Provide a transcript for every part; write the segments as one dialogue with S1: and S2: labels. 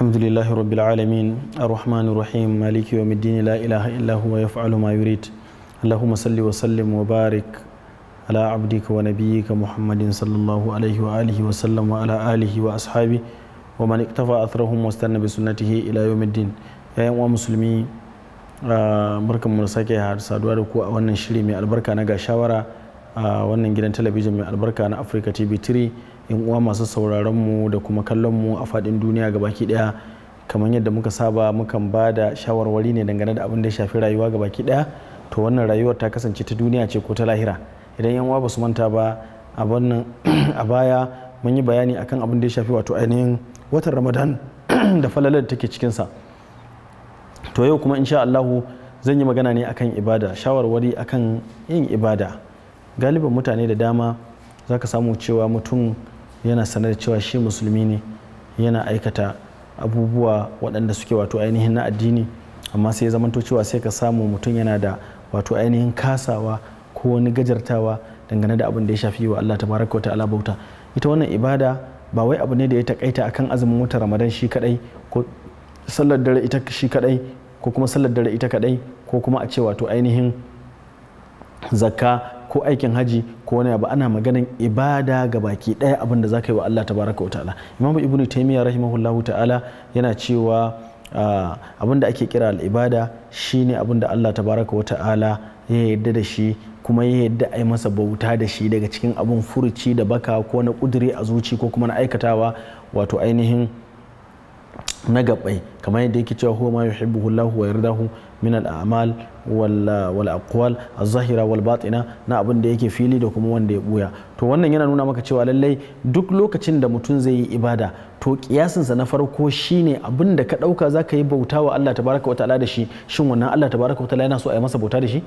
S1: الحمد لله رب العالمين الرحمن الرحيم مالك يوم الدين لا إله إلا هو يفعل ما يريد اللهم صل وسلم وبارك على عبدك ونبيك محمد صلى الله عليه وآله وسلم وعلى آله وأصحابه ومن اقتفى أثرهم واستنى بسنته إلى يوم الدين يا أيها المسلمين barkan mu sake saduwa da ku a wannan shiri mai albarka na ga shawara a wannan gidan talabijin mai albarka na Africa TV 3 'yan uwa masu sauraron mu da kuma kallon mu a faɗin duniya baki ɗaya kamar yadda muka saba mukan ba da shawarwari ne dangane da abin da ya shafi rayuwa ga gabaki ɗaya to wannan rayuwar ta kasance ta duniya ce ko ta lahira idan 'yan uwa ba su manta ba a baya mun yi bayani akan abin da ya shafi wato ainihin watan ramadan da falalar da take sa to yau kuma insha Allahu zan yi magana ne akan ibada shawarwari akan yin ibada galiban mutane da dama za ka samu cewa mutum yana sanar da cewa shi musulmi ne yana aikata abubuwa waɗanda suke wato ainihin na addini amma sai ya zamanto cewa sai ka samu mutum yana da wato ainihin kasawa ko wani gajartawa dangane da abin da ya shafi wa Allah tabaraka wa ta'ala bauta ita wannan ibada ba wai abu ne da ya takaita akan azumin wata ramadan shi kadai ko sallar dare ita shi kadai ko kuma sallar dare ita kadai ko kuma a ce wato ainihin zakka ko aikin haji ko wani abu ana maganin ibada ga baki daya abinda da za yi wa Allah tabaraka wa ta'ala imam ibnu taymiya rahimahullahu ta'ala yana cewa ah, abinda ake kira al'ibada shine abin da Allah tabaraka wa ta'ala ya yarda da shi kuma ya yarda a yi masa bauta da shi daga cikin abin furuci da baka ko na kuduri a zuci ko kuma na aikatawa wato ainihin na gabai kamar yadda yake cewa huwa ma yuhibbu Allah wa yardahu min al-a'mal wal aqwal az-zahira wal batina na abin da yake fili da kuma wanda ya buya to wannan yana nuna maka cewa lallai duk lokacin da mutum zai yi ibada to kiyasinsa na farko shine abin da ka dauka zaka yi bauta wa Allah tabaraka wa ta'ala da shi shin wannan Allah tabaraka wa ta'ala yana so a yi masa bauta da shi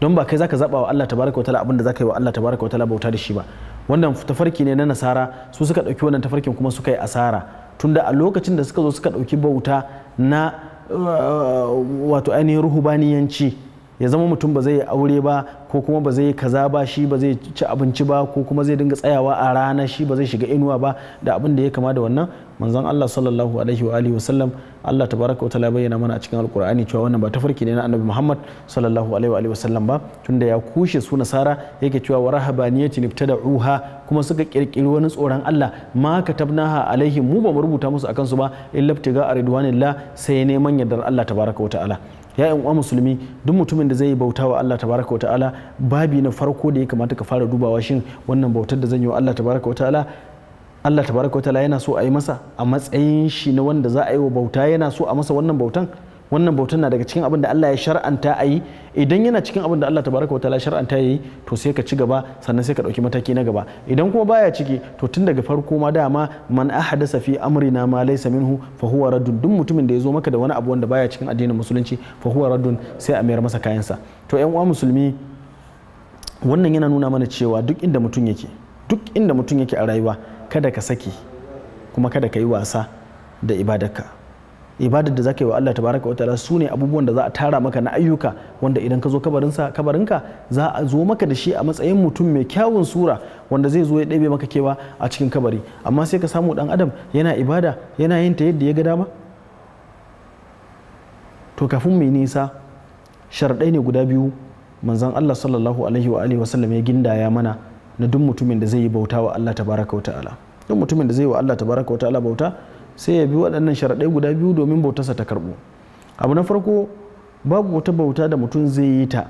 S1: don ba kai zaka zaba wa Allah tabaraka wa ta'ala abin da zaka yi wa Allah tabaraka wa ta'ala bauta da shi ba wannan tafarki ne na nasara su suka dauki wannan tafarkin kuma suka yi asara tunda a lokacin da suka zo suka ɗauki bauta na uh, wato ainihin ruhubaniyanci ya zama mutum ba zai yi aure ba ko kuma ba zai yi kaza ba shi ba zai ci abinci ba ko kuma zai dinga tsayawa a rana shi ba zai shiga inuwa ba da abin da ya kama da wannan manzon Allah sallallahu alaihi wa alihi wasallam Allah tabaraka wa ta'ala bayyana mana a cikin alqur'ani cewa wannan ba tafarki ne na annabi Muhammad sallallahu alaihi wa alihi wasallam ba tunda ya kushe su nasara yake cewa wa rahabaniyatin ibtada'uha kuma suka kirkiri wani tsoron Allah ma katabnaha alaihim mu ba mu rubuta musu akan su ba illa ibtiga ridwanillah sai neman yardar Allah tabaraka wa ta'ala ya yan uwa musulmi duk mutumin da zai bauta wa Allah tabaraka wa ta'ala babi na farko da ya kamata ka fara dubawa shin wannan bautar da zan yi wa Allah tabaraka wa ta'ala Allah tabaraka wa ta'ala yana so a yi masa a matsayin shi na wanda za a yi wa bauta yana so a masa wannan bautan wannan bautan na daga cikin abin da Allah ya shar'anta a yi idan yana cikin abin da Allah tabaraka wa ta'ala shar'anta ya yi to sai ka ci gaba sannan sai ka dauki mataki na gaba idan kuma baya ciki to tun daga farko ma dama man ahdasa fi amrina ma laysa minhu fa huwa raddun duk mutumin da ya zo maka da wani abu wanda baya cikin addinin musulunci fa huwa sai a mayar masa kayansa to ƴan uwa musulmi wannan yana nuna mana cewa duk inda mutum yake duk inda mutum yake a rayuwa kada ka saki kuma kada ka yi wasa da ibadarka ibadar da zaka yi wa Allah tabaraka wataala ta'ala ne abubuwan da za a tara maka na ayyuka wanda idan ka zo kabarinsa kabarinka za a zo maka da shi a matsayin mutum mai kyawun sura wanda zai zo ya ɗebe maka kewa a cikin kabari amma sai ka samu dan adam yana ibada yana yin ta yadda ya ga dama to kafin mai nisa sharɗai ne guda biyu manzon Allah sallallahu alaihi wa alihi wasallam ya gindaya mana na duk mutumin da zai yi bauta wa Allah tabaraka wataala duk mutumin da zai yi wa Allah tabaraka wataala bauta sai ya bi waɗannan sharaɗai guda biyu domin bautarsa ta karɓo abu na farko babu wata bauta da mutum zai yi ta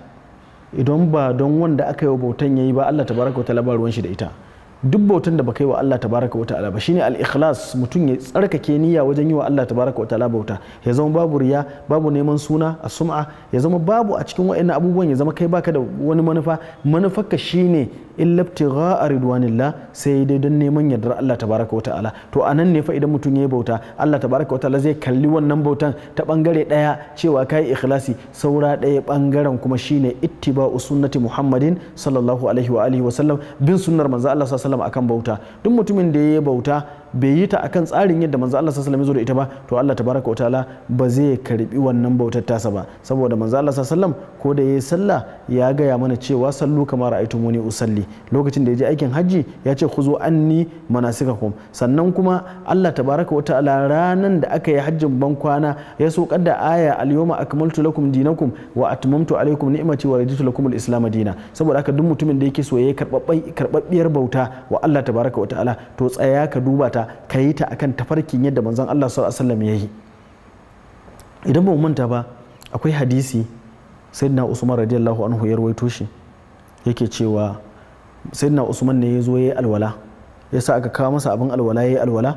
S1: idan ba don wanda aka yi wa bautan ya yi ba Allah tabaraka wata ta'ala ruwan shi da ita duk bautan da baka yi wa Allah tabaraka wa ta'ala ba shine al-ikhlas mutum ya tsarkake niyya wajen yi wa Allah tabaraka wa ta'ala bauta ya zama babu riya babu neman suna a sum'a ya zama babu a cikin wa'annan abubuwan ya zama kai baka da wani manufa manufarka shine illa a ridwanillah sai dai don neman yardar Allah tabaraka wa ta'ala to anan ne fa idan mutum yi bauta Allah tabaraka wa ta'ala zai kalli wannan bautan ta bangare daya cewa kai ikhlasi saura daya bangaren kuma shine ittiba'u sunnati Muhammadin sallallahu alaihi wa alihi wa sallam bin sunnar manzo Allah sallallahu alaihi akan bauta duk mutumin da ya yi bauta bai yi ta akan tsarin yadda manzo Allah sallallahu alaihi wasallam ya zo da ita ba to Allah tabaraka wataala ba zai karbi wannan bautar tasa ba saboda manzo Allah sallallahu alaihi wasallam ko da yayi sallah ya gaya mana cewa sallu kama muni usalli lokacin da ya je aikin hajji ya ce ku zo anni manasikakum sannan kuma Allah tabaraka wataala ranan da aka yi hajjin ban kwana ya so da aya al-yawma akmaltu lakum dinakum wa atmamtu alaikum ni'mati wa raditu lakum al-islam dina saboda haka duk mutumin da yake so ya yayi karbabbiyar bauta wa Allah tabaraka wataala to tsaya ka duba ta ta ka yi ta akan tafarkin yadda manzon Allah sallallahu alaihi ya yi idan ba manta ba akwai hadisi sayyidina Usman radiyallahu anhu ya rawaito shi yake cewa sayyidina Usman ne ya zo ya yi alwala ya sa aka kawo masa abin alwala ya yi alwala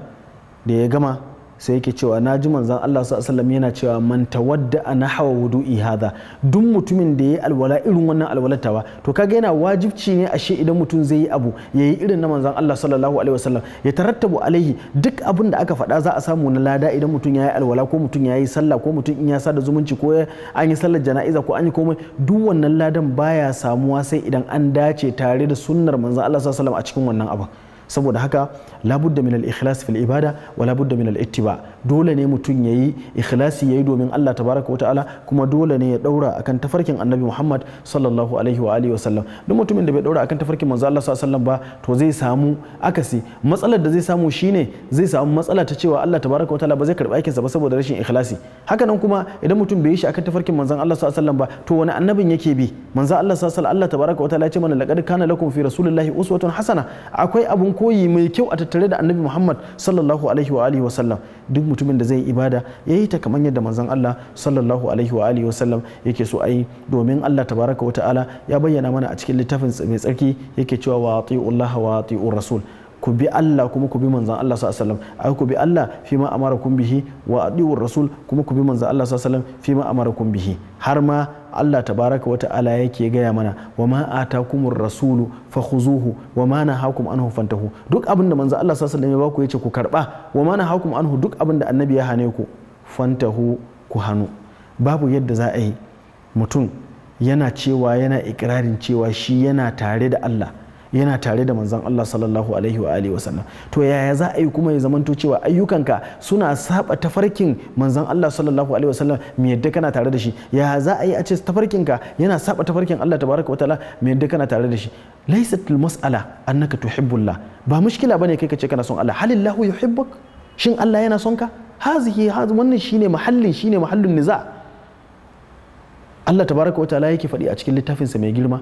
S1: da ya gama sai yake cewa na ji manzan Allah su asalam yana cewa man tawadda ana hawa wudu ihada duk mutumin da ya yi alwala irin wannan alwalatawa to kaga yana wajibci ne ashe idan mutum zai yi abu ya yi irin na manzan Allah sallallahu alaihi wasallam ya tarattabu alaihi duk abin da aka faɗa za a samu na lada idan mutum ya yi alwala ko mutum ya yi sallah ko mutum in ya sada zumunci ko an yi sallar jana'iza ko an yi komai duk wannan ladan baya samuwa sai idan an dace tare da sunnar manzan Allah sallallahu alaihi wasallam a cikin wannan abin saboda haka labudda min al-ikhlas fil ibada wa labudda min al-ittiba dole ne mutum ya yi ikhlasi ya yi domin Allah tabaraka wa ta'ala kuma dole ne ya daura akan tafarkin annabi Muhammad sallallahu alaihi wa alihi wasallam duk mutumin da bai daura akan tafarkin manzo Allah sallallahu ba to zai samu akasi matsalar da zai samu shine zai samu matsala ta cewa Allah tabaraka wa ta'ala ba zai karbi aikinsa ba saboda rashin ikhlasi hakanan kuma idan mutum bai yi shi akan tafarkin manzon Allah sallallahu ba to wani annabin yake bi manzo Allah sallallahu Allah tabaraka wa ta'ala ya ce mana laqad kana lakum fi rasulillahi uswatun hasana akwai abun koyi mai kyau a tattare da annabi Muhammad sallallahu alaihi wa alihi wasallam duk mutumin da zai yi ibada ya yi ta kamar yadda manzon Allah sallallahu alaihi wa alihi wasallam yake so ayi domin Allah tabaraka wa ta'ala ya bayyana mana a cikin littafin mai tsarki yake cewa wa atiullaha wa atiur rasul ku bi Allah kuma ku bi manzan Allah sallallahu alaihi wasallam ai ku bi Allah fi ma amarakum bihi wa atiur rasul kuma ku bi manzan Allah sallallahu alaihi wasallam fi ma amarakum bihi har ma Allah tabaraka wa ta'ala yake gaya mana wa ma atakumur rasulu fa khuzuhu wa ma nahakum anhu fantahu duk abin da manzo Allah sallallahu alaihi wasallam ya baku yace ku karba wa ma nahakum anhu duk abin da annabi ya hane ku fantahu ku hanu babu yadda za a yi mutum yana cewa yana ikirarin cewa shi yana tare da Allah yana tare da manzon Allah sallallahu alaihi wa alihi wasallam to yaya za a yi kuma ya zamanto cewa ayyukanka suna saba tafarkin manzon Allah sallallahu alaihi wasallam me yadda kana tare da shi yaya za a yi a ce tafarkinka yana saba tafarkin Allah tabaraka wa ta'ala me yadda kana tare da shi laysatul mas'ala annaka tuhibbullah ba mushkila bane kai ka ce kana son Allah halillahu yuhibbuk shin Allah yana son ka hazihi wannan shine mahallin shine mahallin niza Allah tabaraka wa ta'ala yake faɗi a cikin littafinsa mai girma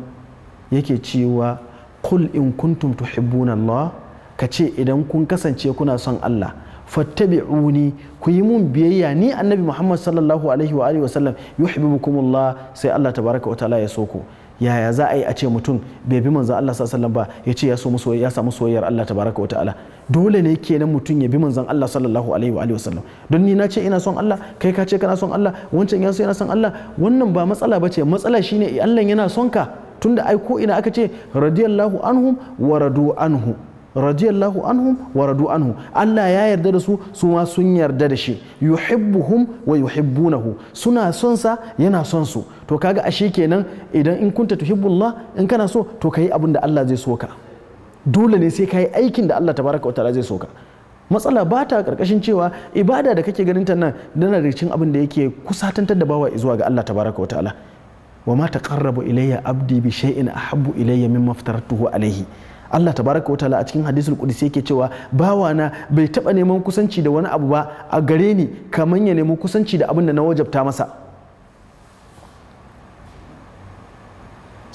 S1: yake cewa qul in kuntum tuhibbuna Allah ka ce idan kun kasance kuna son Allah fattabi'uni ku yi mun biyayya ni annabi Muhammad sallallahu alaihi wa alihi wasallam yuhibbukumullah sai Allah tabaraka wa ta'ala ya so ku yaya za a yi a ce mutum bai bi manzon Allah sallallahu alaihi wa ba ya ce ya so musu ya samu soyayyar Allah tabaraka wa ta'ala dole ne kenan mutum ya bi manzon Allah sallallahu alaihi wa alihi wasallam don ni na ce ina son Allah kai ka ce kana son Allah wancan ya so yana son Allah wannan ba matsala bace matsala shine Allah yana son ka tunda ai ko ina aka ce radiyallahu anhum wa radu anhu radiyallahu anhum wa radu anhu Allah ya yarda da su su ma sun yarda da shi yuhibbuhum wa yuhibbunahu suna son sa yana son su to kaga ashe kenan idan in kunta tuhibbullah in kana so to kai abin da Allah zai so ka dole ne sai kai aikin da Allah tabaraka wa ta'ala zai so ka matsala ba ta karkashin cewa ibada da kake ganin ta nan dana da cin abin da yake kusatantar da bawa zuwa ga Allah tabaraka wa ta'ala wa ma taqarrabu ilayya abdi bi shay'in ahabbu ilayya mimma tuho alayhi Allah tabaraka wataala a cikin hadisul qudsi yake cewa bawana bai taba neman kusanci da wani abu ba a gare ni kamar ya nemi kusanci da abin da na wajabta masa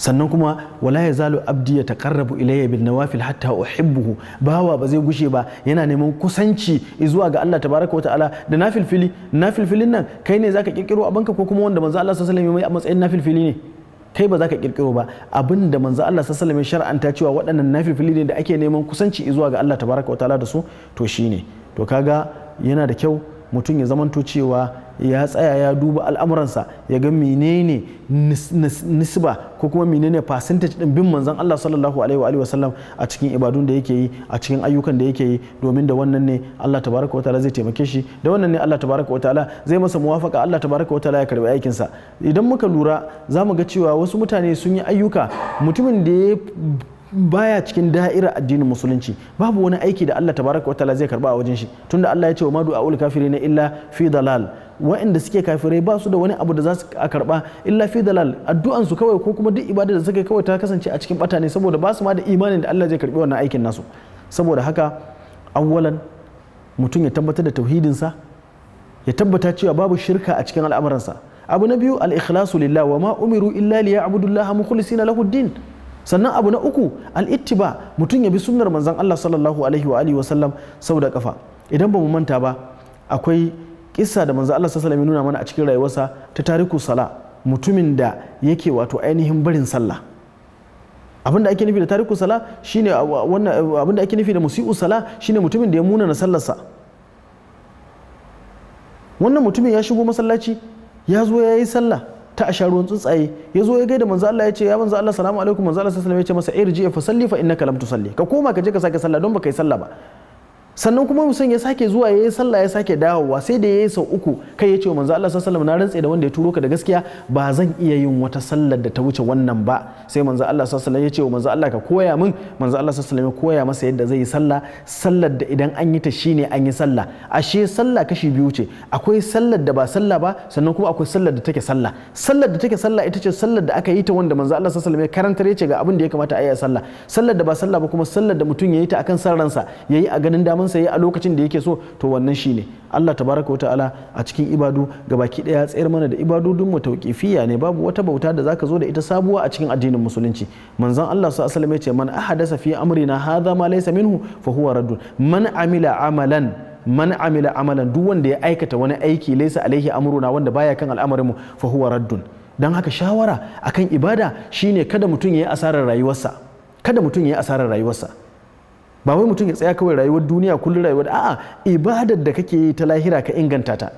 S1: sannan kuma wala ya zalo abdi ya taqarrabu ilayya bil nawafil hatta uhibbuhu bawa ba zai gushe ba yana neman kusanci zuwa ga Allah tabaraka wataala da nafil nafilfilin nan kai ne zaka kirkiro abanka ko kuma wanda manzo Allah sallallahu alaihi wasallam ya mai a matsayin nafilfili ne kai ba za ka kirkiro ba abin da manzo Allah sallallahu alaihi shar'anta cewa waɗannan nafilfili ne da ake neman kusanci zuwa ga Allah tabaraka ta'ala da su to shine to kaga yana da kyau mutum ya zamanto cewa ya tsaya ya duba al'amuransa ya ga menene nisba ko kuma menene percentage din bin manzon Allah sallallahu alaihi wa sallam a cikin ibadun da yake yi a cikin ayyukan da yake yi domin da wannan ne Allah tabaraka wataala zai taimake shi da wannan ne Allah tabaraka wataala zai masa muwafaka Allah tabaraka wataala ya karbi aikin sa idan muka lura za mu ga cewa wasu mutane sun yi ayyuka mutumin da ya baya cikin da'ira addinin musulunci babu wani aiki da Allah tabaraka wa ta'ala zai karba a wajen shi tunda Allah ya ce wa madu aul kafirina illa fi dalal wa'inda suke kafirai ba su da wani abu da za su karba illa fi dalal addu'an su kawai ko kuma duk ibada da suka kawai ta kasance a cikin bata ne saboda ba su ma da imanin da Allah zai karbi wannan aikin nasu saboda haka awwalan mutum ya tabbatar da tauhidin sa ya tabbata cewa babu shirka a cikin al'amuransa abu na biyu al-ikhlasu lillah wa ma umiru illa liya'budullaha mukhlisina lahu din sannan abu na uku al'ittiba mutum ya bi sunnar manzan Allah sallallahu alaihi wa alihi wasallam sau da kafa idan ba mu manta ba akwai kissa da manzan Allah sallallahu alaihi nuna mana a cikin rayuwarsa ta tariku sala mutumin da yake wato ainihin barin sallah abin da ake nufi da tariku sala shine wannan abin da ake nufi da musi'u sala shine mutumin da ya muna na sallarsa wannan mutumin ya shigo masallaci ya zo ya yi sallah ta asha ruwan tsuntsaye ya zo ya gaida manzo Allah ya ce ya manzo Allah salamu alaikum manzo Allah sallallahu alaihi wasallam ya ce masa irji fa salli fa innaka lam tusalli ka koma ka je ka sake sallah don baka yi sallah ba sannan kuma musan ya sake zuwa ya yi sallah ya sake dawowa sai da ya yi sau uku kai ya ce wa manzo Allah sallallahu alaihi na rantse da wanda ya turo ka da gaskiya ba zan iya yin wata sallar da ta wuce wannan ba sai manzo Allah sallallahu ya ce wa manzo Allah ka koya min manzo Allah sallallahu ya koya masa yadda zai yi sallah sallar da idan an yi ta shine an yi sallah ashe sallah kashi biyu ce akwai sallar da ba sallah ba sannan kuma akwai sallar da take sallah sallar da take sallah ita ce sallar da aka yi ta wanda manzo Allah sallallahu ya karantar ya ce ga abin da ya kamata a yi sallah sallar da ba sallah ba kuma sallar da mutum ya yi ta akan san ransa yayi a ganin damar abin yi a lokacin da yake so to wannan shi ne Allah tabaraka wa ta'ala a cikin ibadu gabaki daya tsayar mana da ibadu dun mu tauqifiyya ne babu wata bauta da zaka zo da ita sabuwa a cikin addinin musulunci manzon Allah su alaihi ya ce man ahadasa fi amrina hadha ma laysa minhu fa huwa raddun man amila amalan man amila amalan duk wanda ya aikata wani aiki laysa alaihi amruna wanda baya kan al'amarin mu fa huwa raddun dan haka shawara akan ibada shine kada mutum ya asarar rayuwarsa kada mutum ya yi asarar rayuwarsa ba wai mutum ya tsaya kawai rayuwar duniya kullum rayuwar a'a ibadar da kake ta lahira ka inganta ta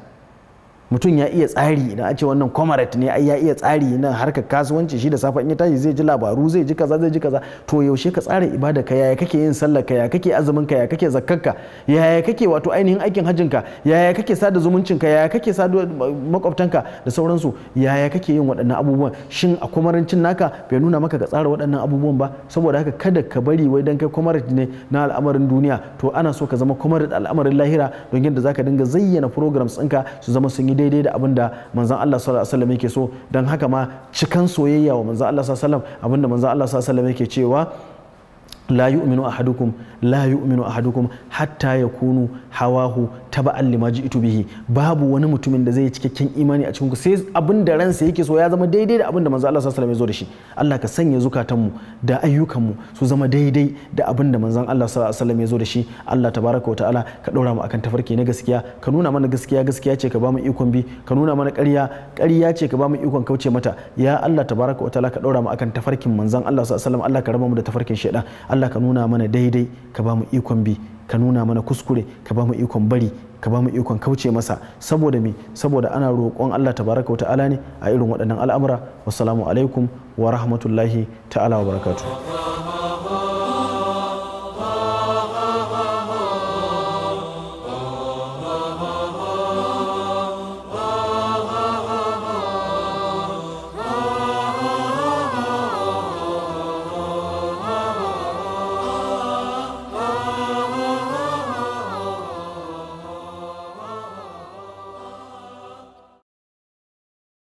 S1: mutum ya iya tsari idan a ce wannan comrade ne ai ya iya tsari nan harkar kasuwanci shi da safa in ya tashi zai ji labaru zai ji kaza zai ji kaza to yaushe ka tsara ibada ka yaya kake yin sallar ka yaya kake azumin ka yaya kake zakkar ka yaya kake wato ainihin aikin hajjin ka yaya kake sada zumuncin ka yaya kake sada makwabtan ka da sauransu yaya kake yin waɗannan abubuwan shin a kwamarancin naka bai nuna maka ka tsara waɗannan abubuwan ba saboda haka kada ka bari wai dan kai comrade ne na al'amarin duniya to ana so ka zama comrade al'amarin lahira don yadda zaka dinga zayyana programs ɗinka su zama sun yi daidai da abin da manzan Allah sallallahu alaihi wasallam yake so dan haka ma cikan soyayya wa manzan Allah sallallahu alaihi wasallam abin da manzan Allah sallallahu alaihi wasallam yake cewa la yu'minu ahadukum la yu'minu ahadukum hatta yakunu hawahu taba'an lima ito bihi babu wani mutumin da zai yi cikakken imani a cikin ku sai abin da ransa yake so ya zama daidai da abin da manzo Allah sallallahu alaihi wasallam ya zo da shi Allah ka sanya zukatanmu da ayyukanmu su zama daidai da abin da manzon Allah sallallahu alaihi wasallam ya zo da shi Allah tabaraka wa ta'ala ka daura mu akan tafarki na gaskiya ka nuna mana gaskiya gaskiya ce ka ba mu ikon bi ka nuna mana ƙarya ƙarya ce ka ba mu ikon kauce mata ya Allah tabaraka wa ta'ala ka daura mu akan tafarkin manzon Allah sallallahu alaihi wasallam Allah ka raba mu da tafarkin shaidan Allah ka nuna mana daidai ka ba mu ikon bi ka nuna mana kuskure ka ba mu ikon bari ka ba mu ikon kauce masa saboda me saboda ana roƙon Allah tabaraka wa ta'ala ne a irin waɗannan al'amura wassalamu alaikum wa rahmatullahi ta'ala wa barakatuh